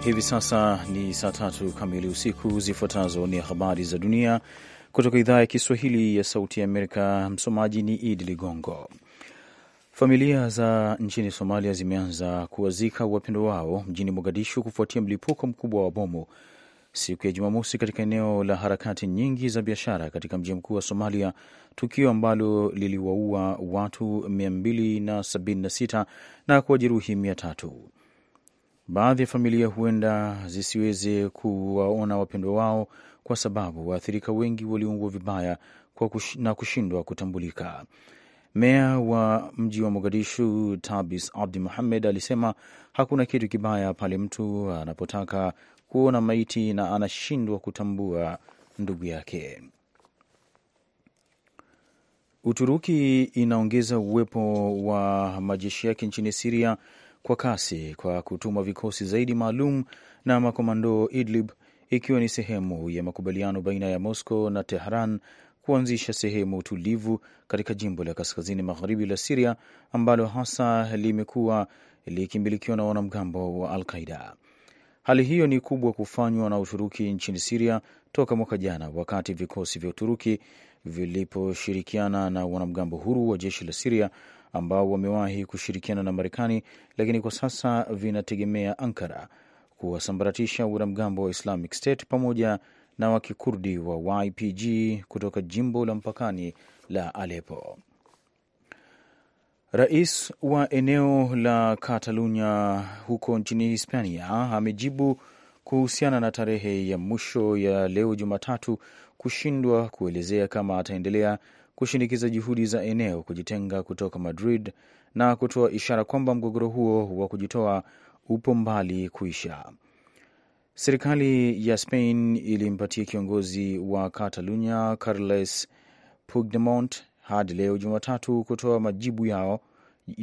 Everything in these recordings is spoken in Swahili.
Hivi sasa ni saa tatu kamili usiku. Zifuatazo ni habari za dunia kutoka idhaa ya Kiswahili ya Sauti ya Amerika. Msomaji ni Idi Ligongo. Familia za nchini Somalia zimeanza kuwazika wapendo wao mjini Mogadishu kufuatia mlipuko mkubwa wa bomu siku ya Jumamosi katika eneo la harakati nyingi za biashara katika mji mkuu wa Somalia, tukio ambalo liliwaua watu 276 na kuwajeruhi mia tatu. Baadhi ya familia huenda zisiweze kuwaona wapendwa wao kwa sababu waathirika wengi waliungwa vibaya kush, na kushindwa kutambulika. Meya wa mji wa Mogadishu, Tabis Abdi Muhammed, alisema hakuna kitu kibaya pale mtu anapotaka kuona maiti na anashindwa kutambua ndugu yake. Uturuki inaongeza uwepo wa majeshi yake nchini Siria kwa kasi kwa kutuma vikosi zaidi maalum na makomando Idlib, ikiwa ni sehemu ya makubaliano baina ya Moscow na Tehran kuanzisha sehemu tulivu katika jimbo la kaskazini magharibi la Siria ambalo hasa limekuwa likimilikiwa na wanamgambo wa Al Qaida. Hali hiyo ni kubwa kufanywa na Uturuki nchini Siria toka mwaka jana, wakati vikosi vya Uturuki viliposhirikiana na wanamgambo huru wa jeshi la Siria ambao wamewahi kushirikiana na Marekani, lakini kwa sasa vinategemea Ankara kuwasambaratisha wanamgambo wa Islamic State pamoja na wakikurdi wa YPG kutoka jimbo la mpakani la alepo Rais wa eneo la Katalunya huko nchini Hispania amejibu kuhusiana na tarehe ya mwisho ya leo Jumatatu kushindwa kuelezea kama ataendelea kushinikiza juhudi za eneo kujitenga kutoka Madrid na kutoa ishara kwamba mgogoro huo wa kujitoa upo mbali kuisha. Serikali ya Spain ilimpatia kiongozi wa Catalunya Carles Puigdemont hadi leo Jumatatu kutoa majibu yao,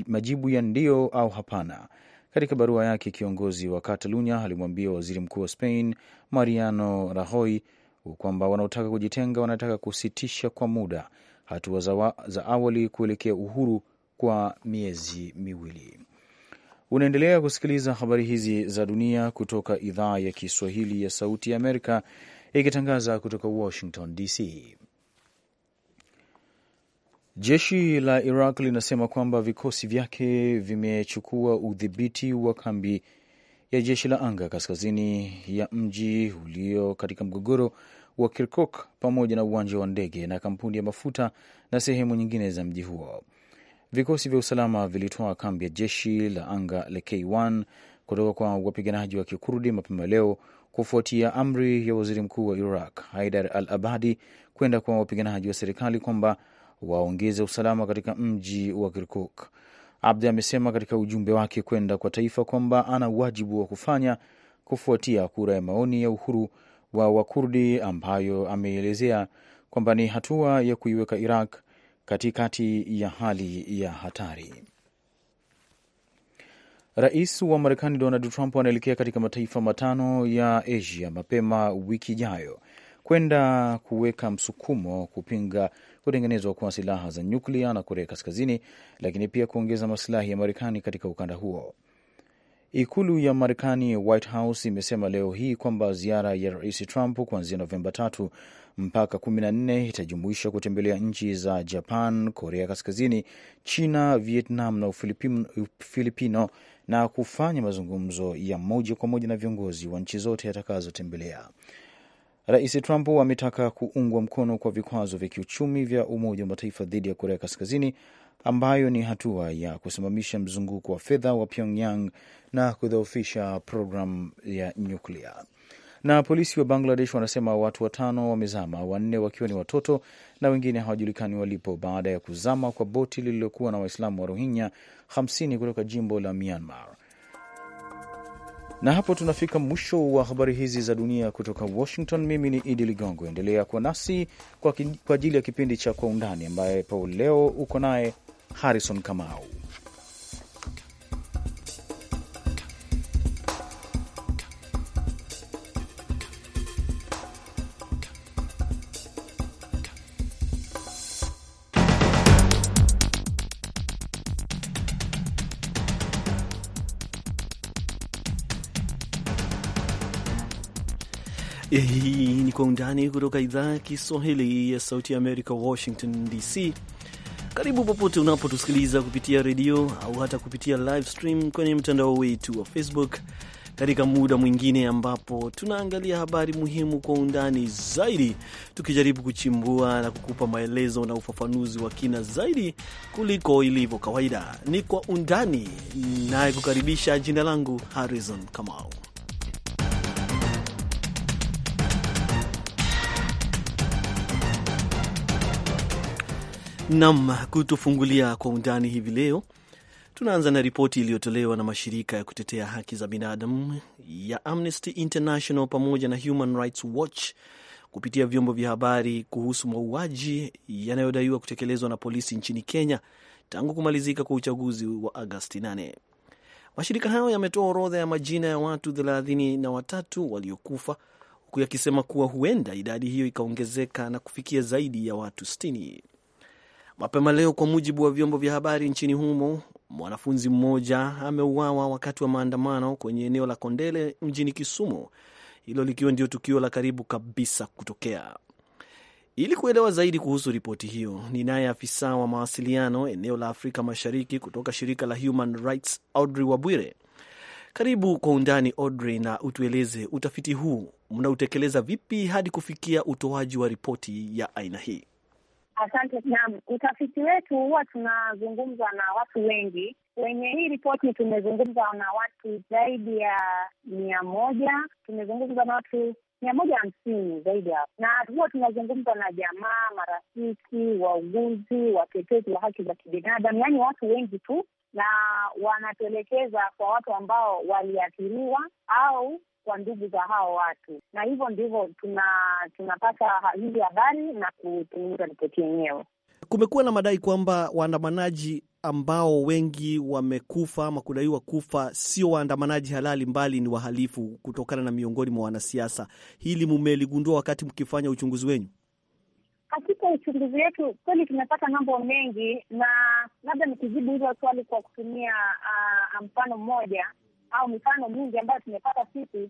majibu ya ndio au hapana. Katika barua yake, kiongozi wa Catalunya alimwambia waziri mkuu wa Spain Mariano Rajoy kwamba wanaotaka kujitenga wanataka kusitisha kwa muda hatua za, za awali kuelekea uhuru kwa miezi miwili. Unaendelea kusikiliza habari hizi za dunia kutoka idhaa ya Kiswahili ya Sauti ya Amerika ikitangaza kutoka Washington DC. Jeshi la Iraq linasema kwamba vikosi vyake vimechukua udhibiti wa kambi ya jeshi la anga kaskazini ya mji ulio katika mgogoro wa Kirkuk pamoja na uwanja wa ndege na kampuni ya mafuta na sehemu nyingine za mji huo. Vikosi vya usalama vilitoa kambi ya jeshi la anga la K1 kutoka kwa wapiganaji wa Kikurdi mapema leo kufuatia amri ya waziri mkuu wa Iraq Haidar al Abadi kwenda kwa wapiganaji wa serikali kwamba waongeze usalama katika mji wa Kirkuk. Abdi amesema katika ujumbe wake kwenda kwa taifa kwamba ana wajibu wa kufanya kufuatia kura ya maoni ya uhuru wa Wakurdi ambayo ameelezea kwamba ni hatua ya kuiweka Iraq katikati ya hali ya hatari. Rais wa Marekani Donald Trump anaelekea katika mataifa matano ya Asia mapema wiki ijayo kwenda kuweka msukumo kupinga kutengenezwa kwa silaha za nyuklia na Korea Kaskazini, lakini pia kuongeza masilahi ya Marekani katika ukanda huo. Ikulu ya Marekani, White House, imesema leo hii kwamba ziara ya Rais Trump kuanzia Novemba tatu mpaka kumi na nne itajumuisha kutembelea nchi za Japan, Korea Kaskazini, China, Vietnam na Ufilipino na kufanya mazungumzo ya moja kwa moja na viongozi wa nchi zote atakazotembelea. Rais Trump ametaka kuungwa mkono kwa vikwazo vya kiuchumi vya Umoja wa Mataifa dhidi ya Korea Kaskazini ambayo ni hatua ya kusimamisha mzunguko wa fedha wa Pyongyang na kudhoofisha programu ya nyuklia. Na polisi wa Bangladesh wanasema watu watano wamezama, wanne wakiwa ni watoto na wengine hawajulikani walipo baada ya kuzama kwa boti lililokuwa na Waislamu wa Rohingya 50 kutoka jimbo la Myanmar. Na hapo tunafika mwisho wa habari hizi za dunia kutoka Washington. Mimi ni Idi Ligongo, endelea kuwa nasi kwa ajili ya kipindi cha Kwa Undani, ambapo leo uko naye Harrison Kamau. Hii ni Kwa Undani kutoka idhaa ya Kiswahili ya Sauti ya Amerika, Washington DC. Karibu popote unapotusikiliza kupitia redio au hata kupitia live stream kwenye mtandao wetu wa Facebook katika muda mwingine ambapo tunaangalia habari muhimu kwa undani zaidi, tukijaribu kuchimbua na kukupa maelezo na ufafanuzi wa kina zaidi kuliko ilivyo kawaida. Ni kwa undani, naye kukaribisha, jina langu Harrison Kamau. Nam kutufungulia kwa undani hivi leo, tunaanza na ripoti iliyotolewa na mashirika ya kutetea haki za binadamu ya Amnesty International pamoja na Human Rights Watch kupitia vyombo vya habari kuhusu mauaji yanayodaiwa kutekelezwa na polisi nchini Kenya tangu kumalizika kwa uchaguzi wa Agasti 8. Mashirika hayo yametoa orodha ya majina ya watu thelathini na watatu waliokufa huku yakisema kuwa huenda idadi hiyo ikaongezeka na kufikia zaidi ya watu sitini. Mapema leo, kwa mujibu wa vyombo vya habari nchini humo, mwanafunzi mmoja ameuawa wakati wa maandamano kwenye eneo la Kondele mjini Kisumu, hilo likiwa ndio tukio la karibu kabisa kutokea. Ili kuelewa zaidi kuhusu ripoti hiyo, ni naye afisa wa mawasiliano eneo la Afrika Mashariki kutoka shirika la Human Rights Audrey Wabwire. Karibu kwa undani Audrey, na utueleze utafiti huu mnautekeleza vipi hadi kufikia utoaji wa ripoti ya aina hii? Asante. Naam, utafiti wetu huwa tunazungumza na watu wengi. Kwenye hii ripoti tumezungumza na watu zaidi ya mia moja, tumezungumza na watu mia moja hamsini zaidi hapo, na huwa tunazungumza na jamaa, marafiki, wauguzi, watetezi wa haki za kibinadamu, yaani watu wengi tu, na wanatuelekeza kwa watu ambao waliathiriwa au kwa ndugu za hao watu, na hivyo ndivyo tuna tunapata hizi habari na kutengeneza ripoti yenyewe. Kumekuwa na madai kwamba waandamanaji ambao wengi wamekufa ama kudaiwa kufa sio waandamanaji halali, mbali ni wahalifu kutokana na miongoni mwa wanasiasa. Hili mumeligundua wakati mkifanya uchunguzi wenyu? Katika uchunguzi wetu kweli tumepata mambo mengi, na labda nikijibu hilo swali kwa kutumia uh, mfano mmoja au mifano mingi ambayo tumepata sisi.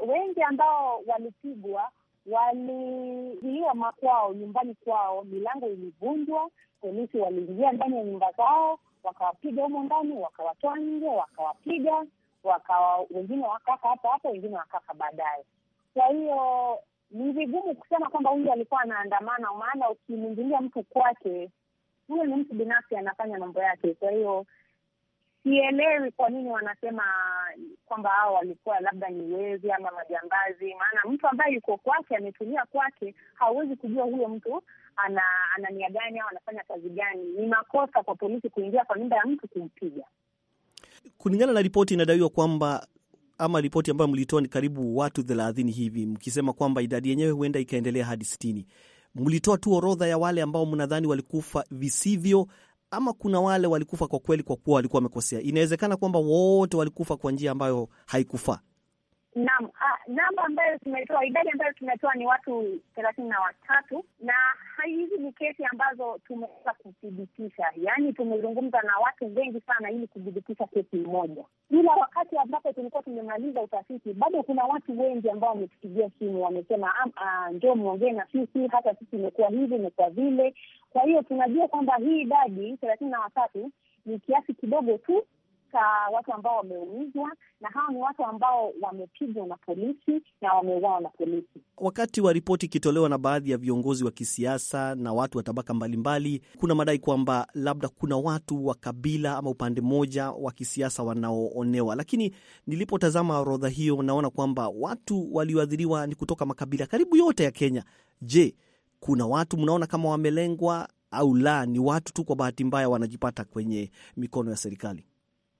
Uh, wengi ambao walipigwa walizuiwa makwao, nyumbani kwao, milango ilivunjwa, polisi waliingia ndani ya nyumba zao, wakawapiga humo ndani, wakawatoa nje, wakawapiga wakawa, wengine wakaka hapo hapo, wengine wakaka baadaye. Kwa hiyo ni vigumu kusema kwamba huyu alikuwa anaandamana, maana ukimwingilia mtu kwake, huyo ni mtu binafsi, anafanya mambo yake. Kwa hiyo sielewi kwa nini wanasema kwamba hao walikuwa labda ni wezi ama majambazi. Maana mtu ambaye yuko kwake ametumia kwake, hauwezi kujua huyo mtu ana ana nia gani au anafanya kazi gani. Ni makosa kwa polisi kuingia kwa nyumba ya mtu kumpiga. Kulingana na ripoti inadaiwa kwamba ama ripoti ambayo mlitoa ni karibu watu thelathini hivi, mkisema kwamba idadi yenyewe huenda ikaendelea hadi sitini. Mlitoa tu orodha ya wale ambao mnadhani walikufa visivyo ama kuna wale walikufa kwa kweli kwa kuwa walikuwa wamekosea. Inawezekana kwamba wote walikufa kwa njia ambayo haikufaa. Naam, ah, namba ambayo tumetoa, idadi ambayo tumetoa ni watu thelathini na watatu, na hizi ni kesi ambazo tumeweza kuthibitisha, yaani tumezungumza na watu wengi sana ili kuthibitisha kesi moja. Ila wakati ambapo tulikuwa tumemaliza utafiti, bado kuna watu wengi ambao wametupigia simu, wamesema ah, njoo mwongee na sisi, hata sisi imekuwa hivi, imekuwa vile. Kwa hiyo tunajua kwamba hii idadi thelathini na watatu ni kiasi kidogo tu kuwakamata watu ambao wameumizwa, na hawa ni watu ambao wamepigwa na polisi na wameuawa na polisi. Wakati wa ripoti ikitolewa na baadhi ya viongozi wa kisiasa na watu wa tabaka mbalimbali, kuna madai kwamba labda kuna watu wa kabila ama upande mmoja wa kisiasa wanaoonewa, lakini nilipotazama orodha hiyo, naona kwamba watu walioathiriwa ni kutoka makabila karibu yote ya Kenya. Je, kuna watu mnaona kama wamelengwa au la, ni watu tu kwa bahati mbaya wanajipata kwenye mikono ya serikali?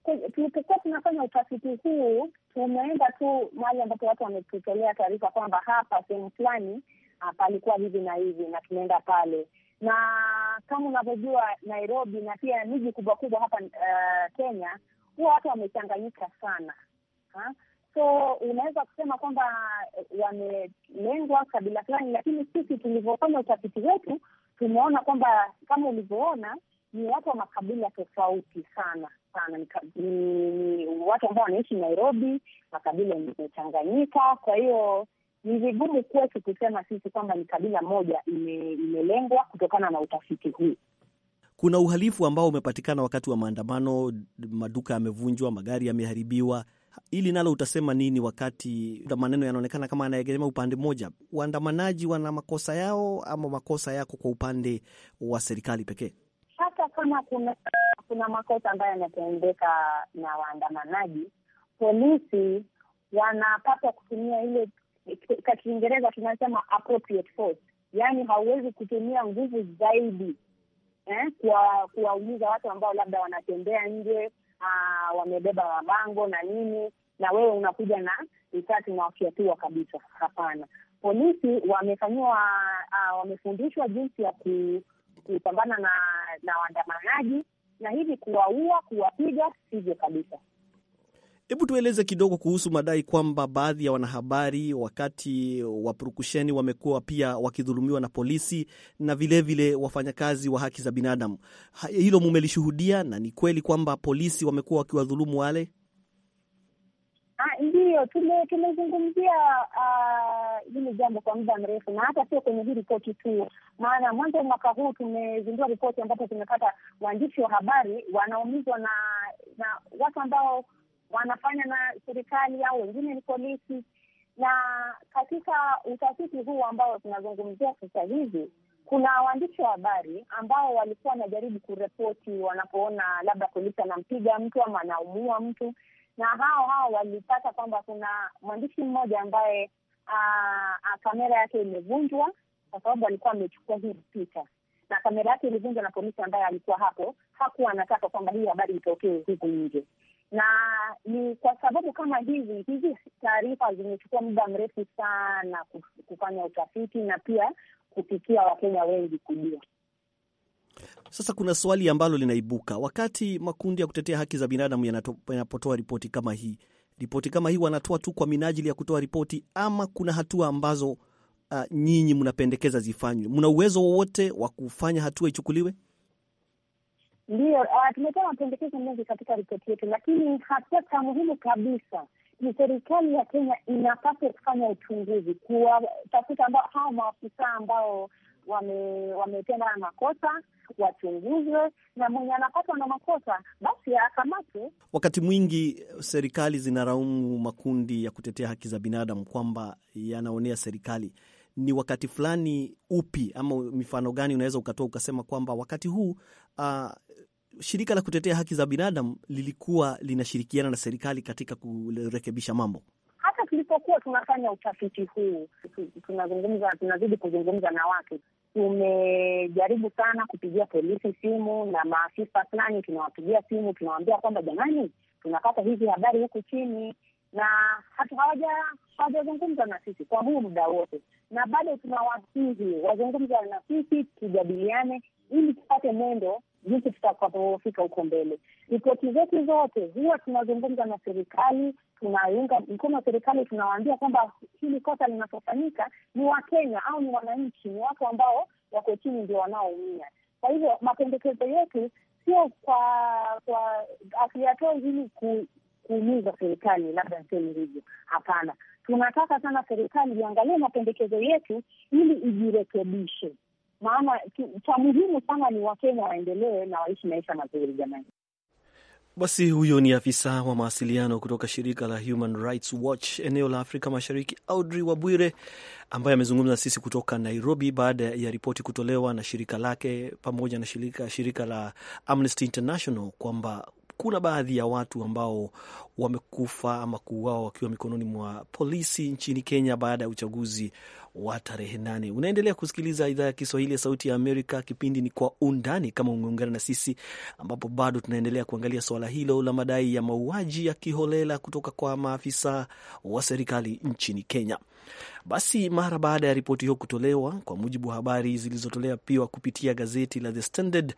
tulipokuwa tunafanya utafiti huu, tumeenda tu mahali ambapo watu wametutolea taarifa kwamba hapa sehemu fulani ah, palikuwa hivi na hivi, na tumeenda pale na kama unavyojua Nairobi na pia miji kubwa kubwa hapa uh, Kenya huwa watu wamechanganyika sana ha? So unaweza kusema kwamba eh, wamelengwa kabila fulani, lakini sisi tulivyofanya utafiti wetu tumeona kwamba kama ulivyoona ni watu wa makabila tofauti sana sana ni watu ambao wanaishi Nairobi, makabila imechanganyika. Kwa hiyo ni vigumu kwetu kusema sisi kwamba ni kabila moja imelengwa kutokana na utafiti huu. Kuna uhalifu ambao umepatikana wakati wa maandamano, maduka yamevunjwa, magari yameharibiwa. ili nalo utasema nini wakati maneno yanaonekana kama anaegemea upande mmoja? Waandamanaji wana makosa yao ama makosa yako kwa upande wa serikali pekee? hata kama kuna kuna makosa ambayo yanatendeka na waandamanaji, polisi wanapaswa kutumia ile, kwa Kiingereza tunasema appropriate force, yaani hauwezi kutumia nguvu zaidi eh, kwa kuwaumiza watu ambao labda wanatembea nje, ah, wamebeba mabango na nini, na wewe unakuja na risasi na wafyatua kabisa. Hapana, polisi wamefanyiwa, ah, wamefundishwa jinsi ya ku kupambana na na waandamanaji na hivi kuwaua, kuwapiga, sivyo kabisa. Hebu tueleze kidogo kuhusu madai kwamba baadhi ya wanahabari wakati wa purukusheni wamekuwa pia wakidhulumiwa na polisi na vilevile wafanyakazi wa haki za binadamu. Hilo mumelishuhudia, na ni kweli kwamba polisi wamekuwa wakiwadhulumu wale? Ndiyo, tumezungumzia uh, hili jambo kwa muda mrefu, na hata sio kwenye hii ripoti tu, maana mwanzo wa mwaka huu tumezindua ripoti ambapo tumepata waandishi wa habari wanaumizwa na na watu ambao wanafanya na serikali au wengine ni polisi. Na katika utafiti huu ambao tunazungumzia sasa hivi, kuna waandishi wa habari ambao walikuwa wanajaribu kurepoti wanapoona labda polisi anampiga mtu ama anaumua mtu na hao hao walipata kwamba kuna mwandishi mmoja ambaye kamera yake imevunjwa kwa sababu alikuwa amechukua hii picha na kamera yake ilivunjwa na polisi ambaye alikuwa hapo. Hakuwa anataka kwamba hii habari itokee huku nje, na ni kwa sababu kama hizi hizi taarifa zimechukua muda mrefu sana kufanya utafiti na pia kufikia Wakenya wengi kujua. Sasa kuna swali ambalo linaibuka wakati makundi ya kutetea haki za binadamu yanapotoa ripoti kama hii. Ripoti kama hii wanatoa tu kwa minajili ya kutoa ripoti, ama kuna hatua ambazo uh, nyinyi mnapendekeza zifanywe? Mna uwezo wowote wa kufanya hatua ichukuliwe? Ndiyo, uh, tumetoa mapendekezo mengi katika ripoti yetu, lakini hatua cha muhimu kabisa ni serikali ya Kenya inapaswa kufanya uchunguzi, kuwatafuta ambao hao maafisa ambao wametenda wame makosa wachunguzwe, na mwenye anapatwa na makosa basi akamatwe. Wakati mwingi uh, serikali zinaraumu makundi ya kutetea haki za binadamu kwamba yanaonea serikali. Ni wakati fulani upi ama mifano gani unaweza ukatoa ukasema kwamba wakati huu uh, shirika la kutetea haki za binadamu lilikuwa linashirikiana na serikali katika kurekebisha mambo? Hata tulipokuwa tunafanya utafiti huu, tunazungumza tunazidi kuzungumza na watu, tumejaribu sana kupigia polisi simu na maafisa fulani, tunawapigia simu tunawaambia kwamba jamani, tunapata hizi habari huku chini na hatu hawajazungumza na sisi kwa huu muda wote, na bado tunawasihi wazungumza na sisi, tujadiliane ili tupate mwendo jinsi tutakapofika huko mbele. Ripoti zetu zote huwa tunazungumza na serikali, tunaunga mkono serikali, tunawaambia kwamba hili kosa linapofanyika ni Wakenya au ni wananchi, ni watu ambao wako chini ndio wanaoumia. Kwa hivyo mapendekezo yetu sio kwa kwa afliatoi ili ku, kuumiza serikali, labda niseme hivyo. Hapana, tunataka sana serikali iangalie mapendekezo yetu ili ijirekebishe maana cha muhimu sana ni Wakenya waendelee na waishi maisha mazuri jamani. Basi huyo ni afisa wa mawasiliano kutoka shirika la Human Rights Watch eneo la Afrika Mashariki, Audrey Wabwire, ambaye amezungumza sisi kutoka Nairobi baada ya ripoti kutolewa na shirika lake pamoja na shirika, shirika la Amnesty International kwamba kuna baadhi ya watu ambao wamekufa ama kuuawa wakiwa mikononi mwa polisi nchini Kenya baada ya uchaguzi wa tarehe nane. Unaendelea kusikiliza idhaa ya Kiswahili ya Sauti ya Amerika. Kipindi ni Kwa Undani, kama umeungana na sisi, ambapo bado tunaendelea kuangalia suala hilo la madai ya mauaji ya kiholela kutoka kwa maafisa wa serikali nchini Kenya. Basi mara baada ya ripoti hiyo kutolewa, kwa mujibu wa habari zilizotolewa pia kupitia gazeti la The Standard,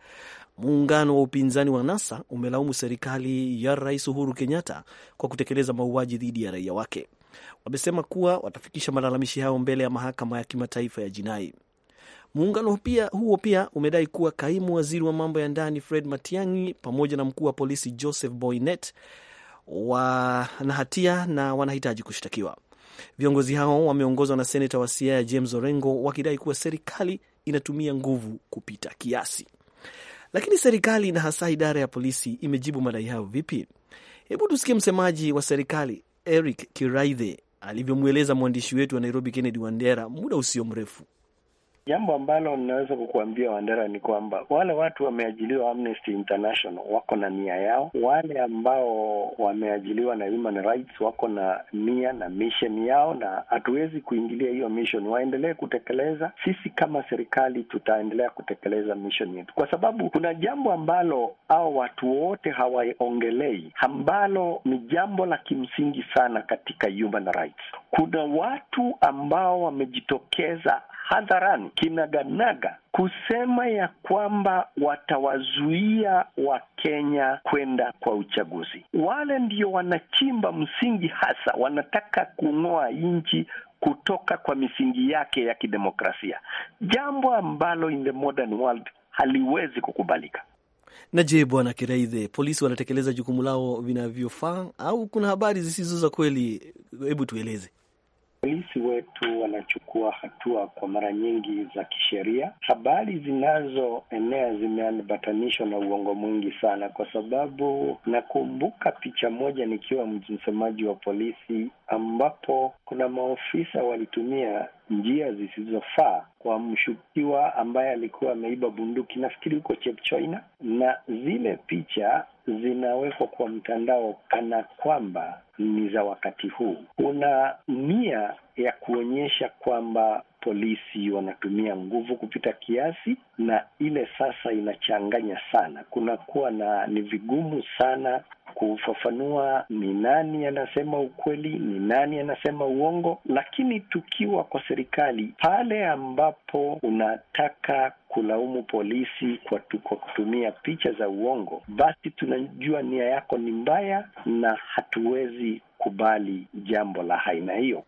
Muungano wa upinzani wa NASA umelaumu serikali ya Rais Uhuru Kenyatta kwa kutekeleza mauaji dhidi ya raia wake. Wamesema kuwa watafikisha malalamishi hayo mbele ya mahakama ya kimataifa ya jinai. Muungano pia, huo pia umedai kuwa kaimu waziri wa mambo ya ndani Fred Matiang'i pamoja na mkuu wa polisi Joseph Boynet wana hatia na wanahitaji kushtakiwa. Viongozi hao wameongozwa na seneta wa Siaya James Orengo wakidai kuwa serikali inatumia nguvu kupita kiasi. Lakini serikali na hasa idara ya polisi imejibu madai hayo vipi? Hebu tusikie msemaji wa serikali Eric Kiraithe alivyomweleza mwandishi wetu wa Nairobi Kennedy Wandera muda usio mrefu. Jambo ambalo ninaweza kukuambia Wandera ni kwamba wale watu wameajiliwa Amnesty International wako na nia yao, wale ambao wameajiliwa na Human Rights wako na nia na mission yao, na hatuwezi kuingilia hiyo mission. Waendelee kutekeleza, sisi kama serikali tutaendelea kutekeleza mission yetu, kwa sababu kuna jambo ambalo hao watu wote hawaongelei, ambalo ni jambo la kimsingi sana katika human rights. Kuna watu ambao wamejitokeza hadharani kinaganaga kusema ya kwamba watawazuia Wakenya kwenda kwa uchaguzi. Wale ndio wanachimba msingi hasa, wanataka kung'oa nchi kutoka kwa misingi yake ya kidemokrasia, jambo ambalo in the modern world haliwezi kukubalika. Na je, Bwana Kiraithe, polisi wanatekeleza jukumu lao vinavyofaa au kuna habari zisizo za kweli? Hebu tueleze. Polisi wetu wanachukua hatua kwa mara nyingi za kisheria. Habari zinazoenea zimeambatanishwa na uongo mwingi sana, kwa sababu nakumbuka picha moja nikiwa msemaji wa polisi, ambapo kuna maofisa walitumia njia zisizofaa kwa mshukiwa ambaye alikuwa ameiba bunduki, nafikiri huko Chepchoina, na zile picha zinawekwa kwa mtandao kana kwamba ni za wakati huu. Kuna nia ya kuonyesha kwamba polisi wanatumia nguvu kupita kiasi, na ile sasa inachanganya sana. Kunakuwa na ni vigumu sana kufafanua ni nani anasema ukweli, ni nani anasema uongo. Lakini tukiwa kwa serikali, pale ambapo unataka kulaumu polisi kwa, kwa kutumia picha za uongo, basi tunajua nia yako ni mbaya na hatuwezi kubali jambo la aina hiyo.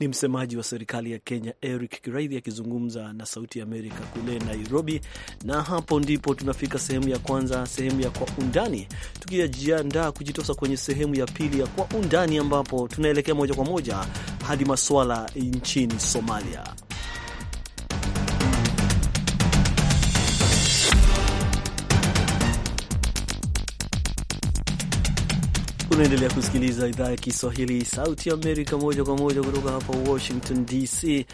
Ni msemaji wa serikali ya Kenya Eric Kiraidhi akizungumza na Sauti ya Amerika kule Nairobi. Na hapo ndipo tunafika sehemu ya kwanza, sehemu ya Kwa Undani, tukijiandaa kujitosa kwenye sehemu ya pili ya Kwa Undani, ambapo tunaelekea moja kwa moja hadi maswala nchini Somalia. Unaendelea kusikiliza idhaa ya Kiswahili Sauti ya Amerika moja kwa moja kutoka hapa Washington DC,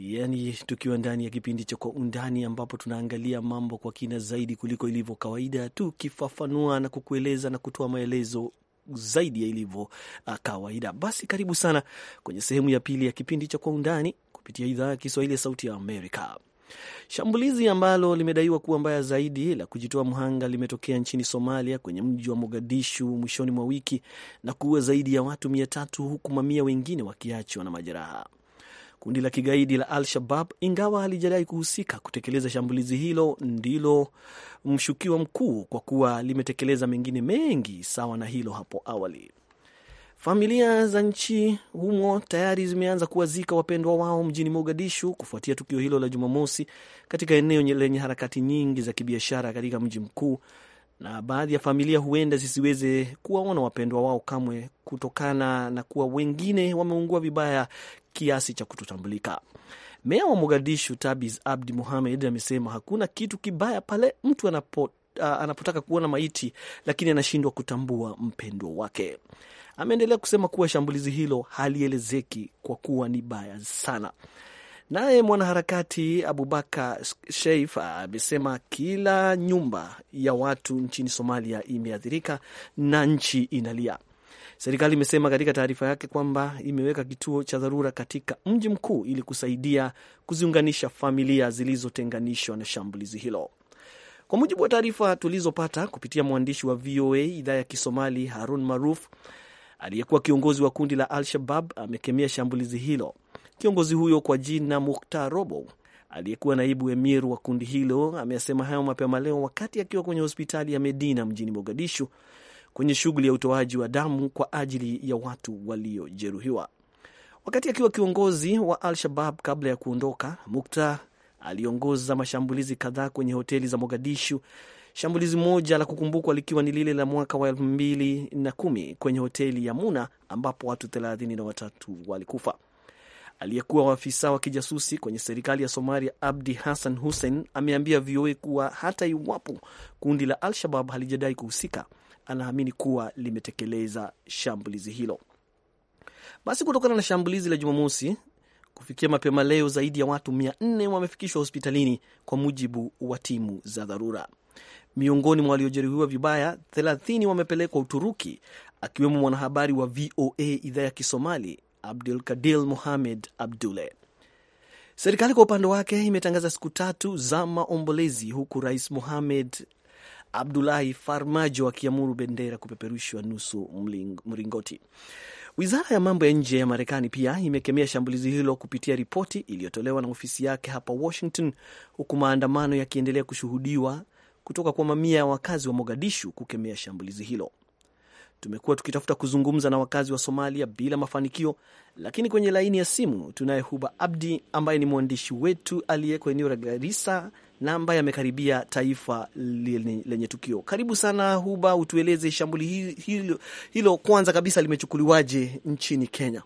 yani tukiwa ndani ya kipindi cha Kwa Undani, ambapo tunaangalia mambo kwa kina zaidi kuliko ilivyo kawaida, tukifafanua na kukueleza na kutoa maelezo zaidi ya ilivyo ah, kawaida. Basi karibu sana kwenye sehemu ya pili ya kipindi cha Kwa Undani kupitia idhaa ya Kiswahili ya Sauti ya Amerika. Shambulizi ambalo limedaiwa kuwa mbaya zaidi la kujitoa mhanga limetokea nchini Somalia kwenye mji wa Mogadishu mwishoni mwa wiki na kuua zaidi ya watu mia tatu huku mamia wengine wakiachwa na majeraha. Kundi la kigaidi la Al-Shabab, ingawa halijadai kuhusika kutekeleza shambulizi hilo, ndilo mshukiwa mkuu kwa kuwa limetekeleza mengine mengi sawa na hilo hapo awali. Familia za nchi humo tayari zimeanza kuwazika wapendwa wao mjini Mogadishu kufuatia tukio hilo la Jumamosi katika eneo lenye harakati nyingi za kibiashara katika mji mkuu, na baadhi ya familia huenda zisiweze kuwaona wapendwa wao kamwe kutokana na kuwa wengine wameungua vibaya kiasi cha kutotambulika. Meya wa Mogadishu tabis Abdi muhamed amesema hakuna kitu kibaya pale mtu anapo, uh, anapotaka kuona maiti lakini anashindwa kutambua mpendwa wake. Ameendelea kusema kuwa shambulizi hilo halielezeki kwa kuwa ni baya sana. Naye mwanaharakati Abubakar Sheif amesema kila nyumba ya watu nchini Somalia imeathirika na nchi inalia. Serikali imesema katika taarifa yake kwamba imeweka kituo cha dharura katika mji mkuu ili kusaidia kuziunganisha familia zilizotenganishwa na shambulizi hilo. Kwa mujibu wa taarifa tulizopata kupitia mwandishi wa VOA idhaa ya Kisomali Harun Maruf, Aliyekuwa kiongozi wa kundi la Al-Shabab amekemea shambulizi hilo. Kiongozi huyo kwa jina Mukhtar Robo aliyekuwa naibu emir wa kundi hilo ameasema hayo mapema leo wakati akiwa kwenye hospitali ya Medina mjini Mogadishu kwenye shughuli ya utoaji wa damu kwa ajili ya watu waliojeruhiwa. Wakati akiwa kiongozi wa Al-Shabab kabla ya kuondoka, mukhtar aliongoza mashambulizi kadhaa kwenye hoteli za Mogadishu Shambulizi moja la kukumbukwa likiwa ni lile la mwaka wa elfu mbili na kumi kwenye hoteli ya Muna ambapo watu thelathini na watatu walikufa. Aliyekuwa afisa wa kijasusi kwenye serikali ya Somalia Abdi Hassan Hussein ameambia VOA kuwa hata iwapo kundi la Al-Shabab halijadai kuhusika, anaamini kuwa limetekeleza shambulizi hilo. Basi kutokana na shambulizi la Jumamosi, kufikia mapema leo, zaidi ya watu mia nne wamefikishwa hospitalini kwa mujibu wa timu za dharura. Miongoni mwa waliojeruhiwa vibaya, 30 wamepelekwa Uturuki, akiwemo mwanahabari wa VOA idhaa ya Kisomali Abdul Kadil Mohamed Abdule. Serikali kwa upande wake imetangaza siku tatu za maombolezi, huku rais muhamed Abdulahi Farmajo akiamuru bendera kupeperushwa nusu mringoti. Wizara ya mambo ya nje ya Marekani pia imekemea shambulizi hilo kupitia ripoti iliyotolewa na ofisi yake hapa Washington, huku maandamano yakiendelea kushuhudiwa kutoka kwa mamia ya wakazi wa Mogadishu kukemea shambulizi hilo. Tumekuwa tukitafuta kuzungumza na wakazi wa Somalia bila mafanikio, lakini kwenye laini ya simu tunaye Huba Abdi ambaye ni mwandishi wetu aliyeko eneo la Garisa na ambaye amekaribia taifa lenye tukio. Karibu sana Huba, utueleze shambuli hilo, hilo kwanza kabisa limechukuliwaje nchini Kenya?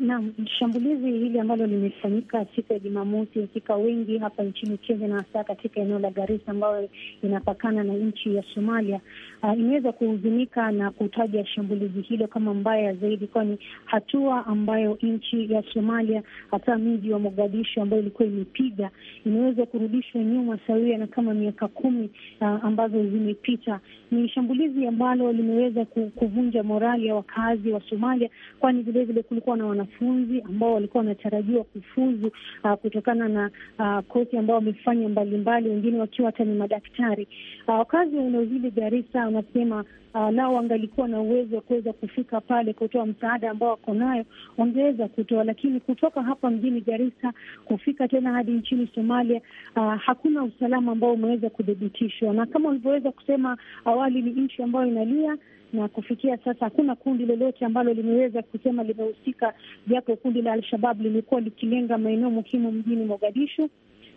Naam, shambulizi hili ambalo limefanyika siku ya Jumamosi hakika wengi hapa nchini Kenya na hasa katika eneo la Garissa ambayo inapakana na nchi ya Somalia uh, imeweza kuhuzunika na kutaja shambulizi hilo kama mbaya zaidi, kwani hatua ambayo nchi ya Somalia hata mji wa Mogadishu ambayo ilikuwa imepiga imeweza kurudishwa nyuma sawia na kama miaka kumi uh, ambazo zimepita. Ni shambulizi ambalo limeweza kuvunja morali ya wakazi wa Somalia, kwani vilevile kulikuwa na wanafunzi ambao walikuwa wanatarajiwa kufuzu uh, kutokana na uh, kosi ambao wamefanya mbalimbali, wengine wakiwa hata ni madaktari. Uh, wakazi wa eneo hili Garissa anasema uh, nao wangalikuwa na uwezo wa kuweza kufika pale kutoa msaada ambao wako nayo, wangeweza kutoa, lakini kutoka hapa mjini Garissa kufika tena hadi nchini Somalia, uh, hakuna usalama ambao umeweza kudhibitishwa, na kama ulivyoweza kusema awali, ni nchi ambayo inalia na kufikia sasa hakuna kundi lolote ambalo limeweza kusema limehusika, japo kundi la Al-Shabab limekuwa likilenga maeneo muhimu mjini Mogadishu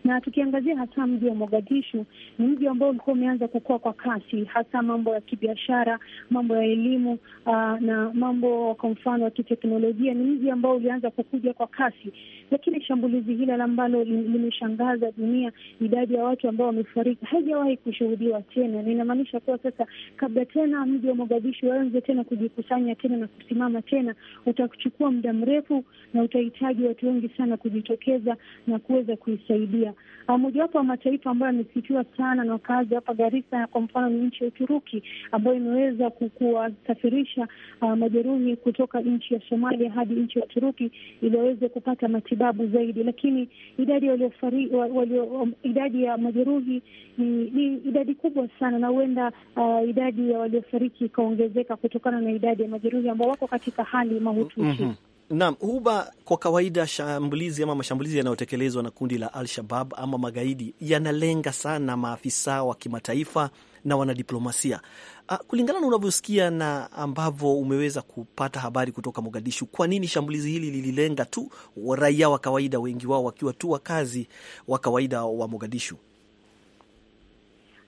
na tukiangazia hasa mji wa Mogadishu, ni mji ambao ulikuwa umeanza kukua kwa kasi, hasa mambo ya kibiashara, mambo ya elimu uh, na mambo kwa mfano ya kiteknolojia. Ni mji ambao ulianza kukuja kwa kasi, lakini shambulizi hilo ambalo limeshangaza dunia, idadi ya watu ambao wamefariki haijawahi kushuhudiwa tena. Ninamaanisha kuwa sasa, kabla tena mji wa Mogadishu waanze tena kujikusanya tena na kusimama tena, utachukua muda mrefu na utahitaji watu wengi sana kujitokeza na kuweza kuisaidia Ah, mojawapo wa mataifa ambayo yamesifiwa sana na wakazi hapa Garissa, kwa mfano, ni nchi ya Uturuki ambayo imeweza kuwasafirisha uh, majeruhi kutoka nchi ya Somalia hadi nchi ya Uturuki ili waweze kupata matibabu zaidi, lakini idadi waliofariki walio, um, idadi ya majeruhi ni, ni idadi kubwa sana, na huenda uh, idadi ya waliofariki ikaongezeka kutokana na idadi ya majeruhi ambao wako katika hali mahututi. mm -hmm. Naam, Huba, kwa kawaida shambulizi ama mashambulizi yanayotekelezwa na kundi la Al-Shabab ama magaidi yanalenga sana maafisa wa kimataifa na wanadiplomasia. Ah, kulingana na unavyosikia na ambavyo umeweza kupata habari kutoka Mogadishu, kwa nini shambulizi hili lililenga tu raia wa kawaida, wengi wao wakiwa tu wakazi wa kawaida wa Mogadishu?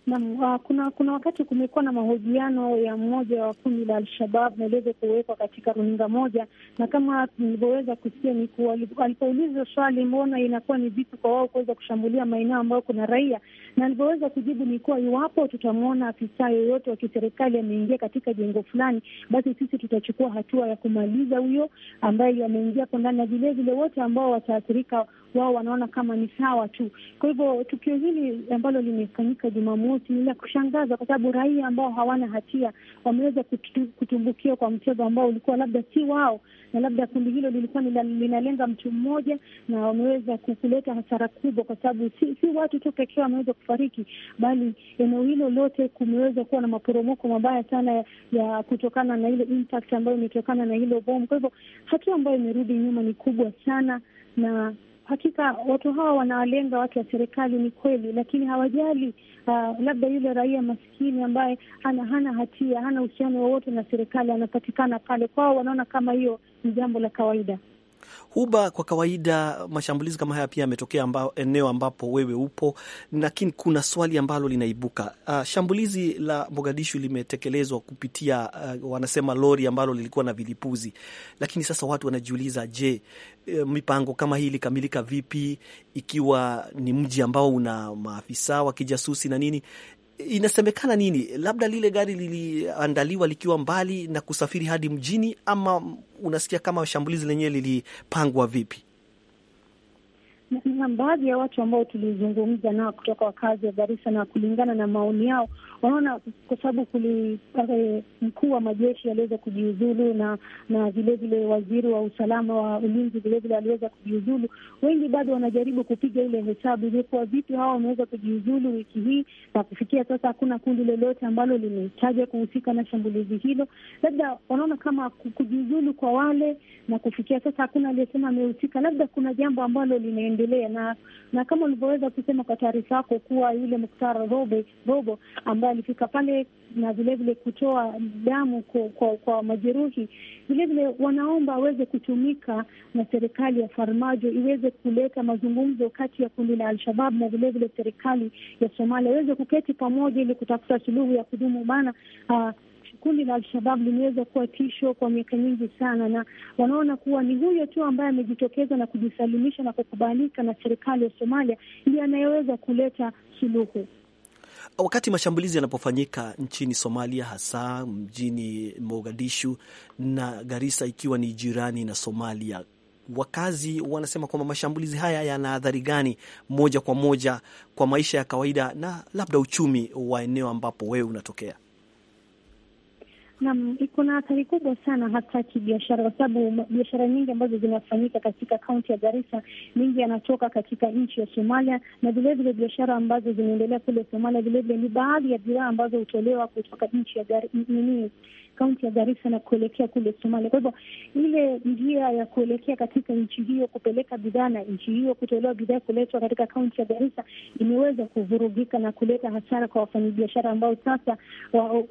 Naam, uh, kuna kuna wakati kumekuwa na mahojiano ya mmoja wa kundi la Alshabab na iliweza kuwekwa katika runinga moja, na kama tulivyoweza kusikia ni kuwa alipoulizwa swali, mbona inakuwa ni vitu kwa wao kuweza kushambulia maeneo ambayo kuna raia, na alivyoweza kujibu ni kuwa iwapo tutamwona afisa yoyote wa kiserikali ameingia katika jengo fulani, basi sisi tutachukua hatua ya kumaliza huyo ambaye ameingia hapo ndani, na vilevile wote ambao wataathirika wao wanaona kama ni sawa tu. Kwa hivyo tukio hili ambalo limefanyika Jumamosi ni la kushangaza, kwa sababu raia ambao hawana hatia wameweza kutumbukiwa kutumbukia kwa mchezo ambao ulikuwa labda si wao, na labda kundi hilo lilikuwa linalenga mtu mmoja, na wameweza kuleta hasara kubwa, kwa sababu si, si watu tu pekee wameweza kufariki, bali eneo hilo lote kumeweza kuwa na maporomoko mabaya sana ya kutokana na ile impact ambayo imetokana na hilo bomu. Kwa hivyo hatua ambayo imerudi nyuma ni kubwa sana, na hakika watu hawa wanawalenga watu wa serikali, ni kweli, lakini hawajali Uh, labda yule raia maskini ambaye hana hana hatia hana uhusiano wowote na serikali anapatikana pale kwao, wanaona kama hiyo ni jambo la kawaida. Huba, kwa kawaida mashambulizi kama haya pia yametokea amba, eneo ambapo wewe upo, lakini kuna swali ambalo linaibuka. Uh, shambulizi la Mogadishu limetekelezwa kupitia uh, wanasema lori ambalo lilikuwa na vilipuzi, lakini sasa watu wanajiuliza, je, uh, mipango kama hii ilikamilika vipi, ikiwa ni mji ambao una maafisa wa kijasusi na nini? inasemekana nini, labda lile gari liliandaliwa likiwa mbali na kusafiri hadi mjini, ama unasikia kama shambulizi lenyewe lilipangwa vipi? na baadhi ya watu ambao tulizungumza nao kutoka wakazi wa Garissa, na kulingana na maoni yao, wanaona kwa sababu eh, mkuu wa majeshi aliweza kujiuzulu na na vilevile waziri wa usalama wa ulinzi vilevile aliweza kujiuzulu, wengi bado wanajaribu kupiga ile hesabu iliokuwa vipi hawa wameweza kujiuzulu wiki hii, na kufikia sasa hakuna kundi lolote ambalo limetaja kuhusika na shambulizi hilo. Labda wanaona kama kujiuzulu kwa wale, na kufikia sasa hakuna aliyesema amehusika, labda kuna jambo ambalo linaendelea uendelee na na kama ulivyoweza kusema kwa taarifa yako kuwa yule Muktar Robo ambaye alifika pale na vilevile kutoa damu kwa, kwa, kwa majeruhi. Vilevile wanaomba aweze kutumika na serikali ya Farmajo iweze kuleta mazungumzo kati ya kundi la Alshabab na vilevile serikali ya Somalia iweze kuketi pamoja ili kutafuta suluhu ya kudumu, maana uh, kundi la Alshabab limeweza kuwa tisho kwa miaka nyingi sana, na wanaona kuwa ni huyo tu ambaye amejitokeza na kujisalimisha na kukubalika na serikali ya Somalia ndiye anayeweza kuleta suluhu. Wakati mashambulizi yanapofanyika nchini Somalia, hasa mjini Mogadishu na Garissa, ikiwa ni jirani na Somalia, wakazi wanasema kwamba mashambulizi haya yana adhari gani moja kwa moja kwa maisha ya kawaida na labda uchumi wa eneo ambapo wewe unatokea? Naam, iko na athari kubwa sana hata kibiashara, kwa sababu biashara nyingi ambazo zinafanyika katika kaunti ya Garissa nyingi yanatoka katika nchi ya Somalia, na vilevile biashara ambazo zinaendelea kule Somalia vilevile ni baadhi ya bidhaa ambazo hutolewa kutoka nchi ya nini kaunti ya Garissa na kuelekea kule Somalia. Kwa hivyo ile njia ya kuelekea katika nchi hiyo, kupeleka bidhaa na nchi hiyo, kutolewa bidhaa kuletwa katika kaunti ya Garissa imeweza kuvurugika na kuleta hasara kwa wafanyabiashara ambao sasa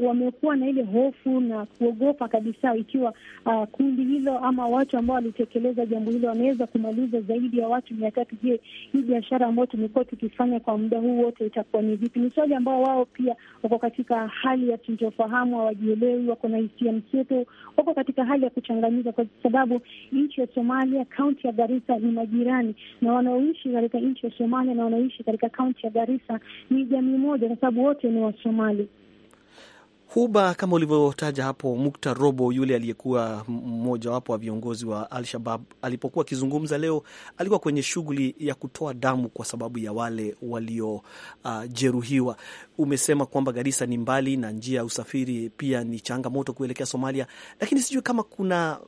wamekuwa wa na ile hofu na kuogopa kabisa, ikiwa uh, kundi hilo ama watu ambao walitekeleza jambo hilo wanaweza kumaliza zaidi ya watu mia tatu. Je, hii biashara ambayo tumekuwa tukifanya kwa muda huu wote itakuwa ni vipi? Ni swali ambao wao pia wako katika hali ya sintofahamu, hawajielewi, wako na hisia mseto wako katika hali ya kuchanganyika, kwa sababu nchi ya Somalia, kaunti ya Garissa ni majirani, na wanaoishi katika nchi ya Somalia na wanaoishi katika kaunti ya Garissa ni jamii moja, kwa sababu wote ni Wasomali. Kuba kama ulivyotaja hapo, Mukta Robo, yule aliyekuwa mmojawapo wa viongozi wa Al-Shabab, alipokuwa akizungumza leo, alikuwa kwenye shughuli ya kutoa damu kwa sababu ya wale waliojeruhiwa. Uh, umesema kwamba garisa ni mbali na njia ya usafiri pia ni changamoto kuelekea Somalia, lakini sijui kama kuna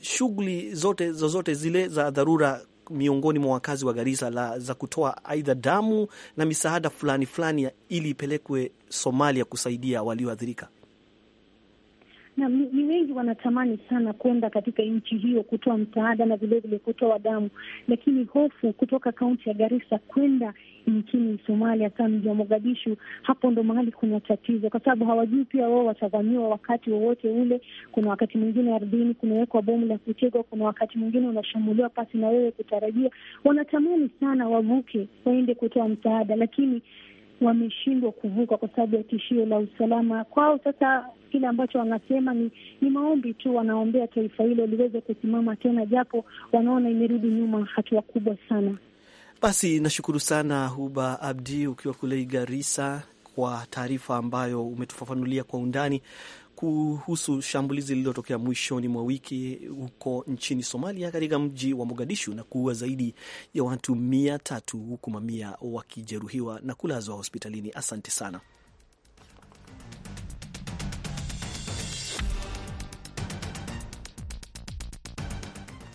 shughuli zote zozote zile za dharura miongoni mwa wakazi wa Garissa la, za kutoa aidha damu na misaada fulani fulani ili ipelekwe Somalia kusaidia walioathirika? na ni wengi wanatamani sana kwenda katika nchi hiyo kutoa msaada na vilevile kutoa damu, lakini hofu kutoka kaunti ya Garissa kwenda nchini Somalia, hasa mji wa Mogadishu, hapo ndo mahali kuna tatizo, kwa sababu hawajui pia wao watavamiwa wakati wowote ule. Kuna wakati mwingine ardhini kunawekwa bomu la kutegwa, kuna wakati mwingine unashambuliwa pasi na wewe kutarajia. Wanatamani sana wavuke waende kutoa msaada, lakini wameshindwa kuvuka kwa sababu ya tishio la usalama kwao. Sasa kile ambacho wanasema ni ni maombi tu, wanaombea taifa hilo liweze kusimama tena, japo wanaona imerudi nyuma hatua kubwa sana. Basi nashukuru sana Huba Abdi ukiwa kule Garissa kwa taarifa ambayo umetufafanulia kwa undani kuhusu shambulizi lililotokea mwishoni mwa wiki huko nchini Somalia, katika mji wa Mogadishu na kuua zaidi ya watu mia tatu huku mamia wakijeruhiwa na kulazwa hospitalini. Asante sana.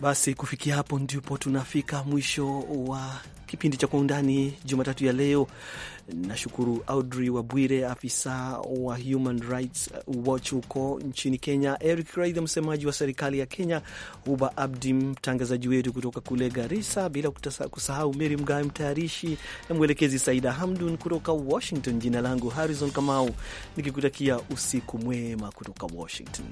Basi kufikia hapo ndipo tunafika mwisho wa kipindi cha Kwa Undani Jumatatu ya leo. Nashukuru Audrey Wabwire, afisa wa Human Rights Watch huko nchini Kenya, Eric Raidha, msemaji wa serikali ya Kenya, Huba Abdi, mtangazaji wetu kutoka kule Garisa, bila kusahau Meri Mgawe, mtayarishi na mwelekezi Saida Hamdun kutoka Washington. Jina langu Harrison Kamau, nikikutakia usiku mwema kutoka Washington.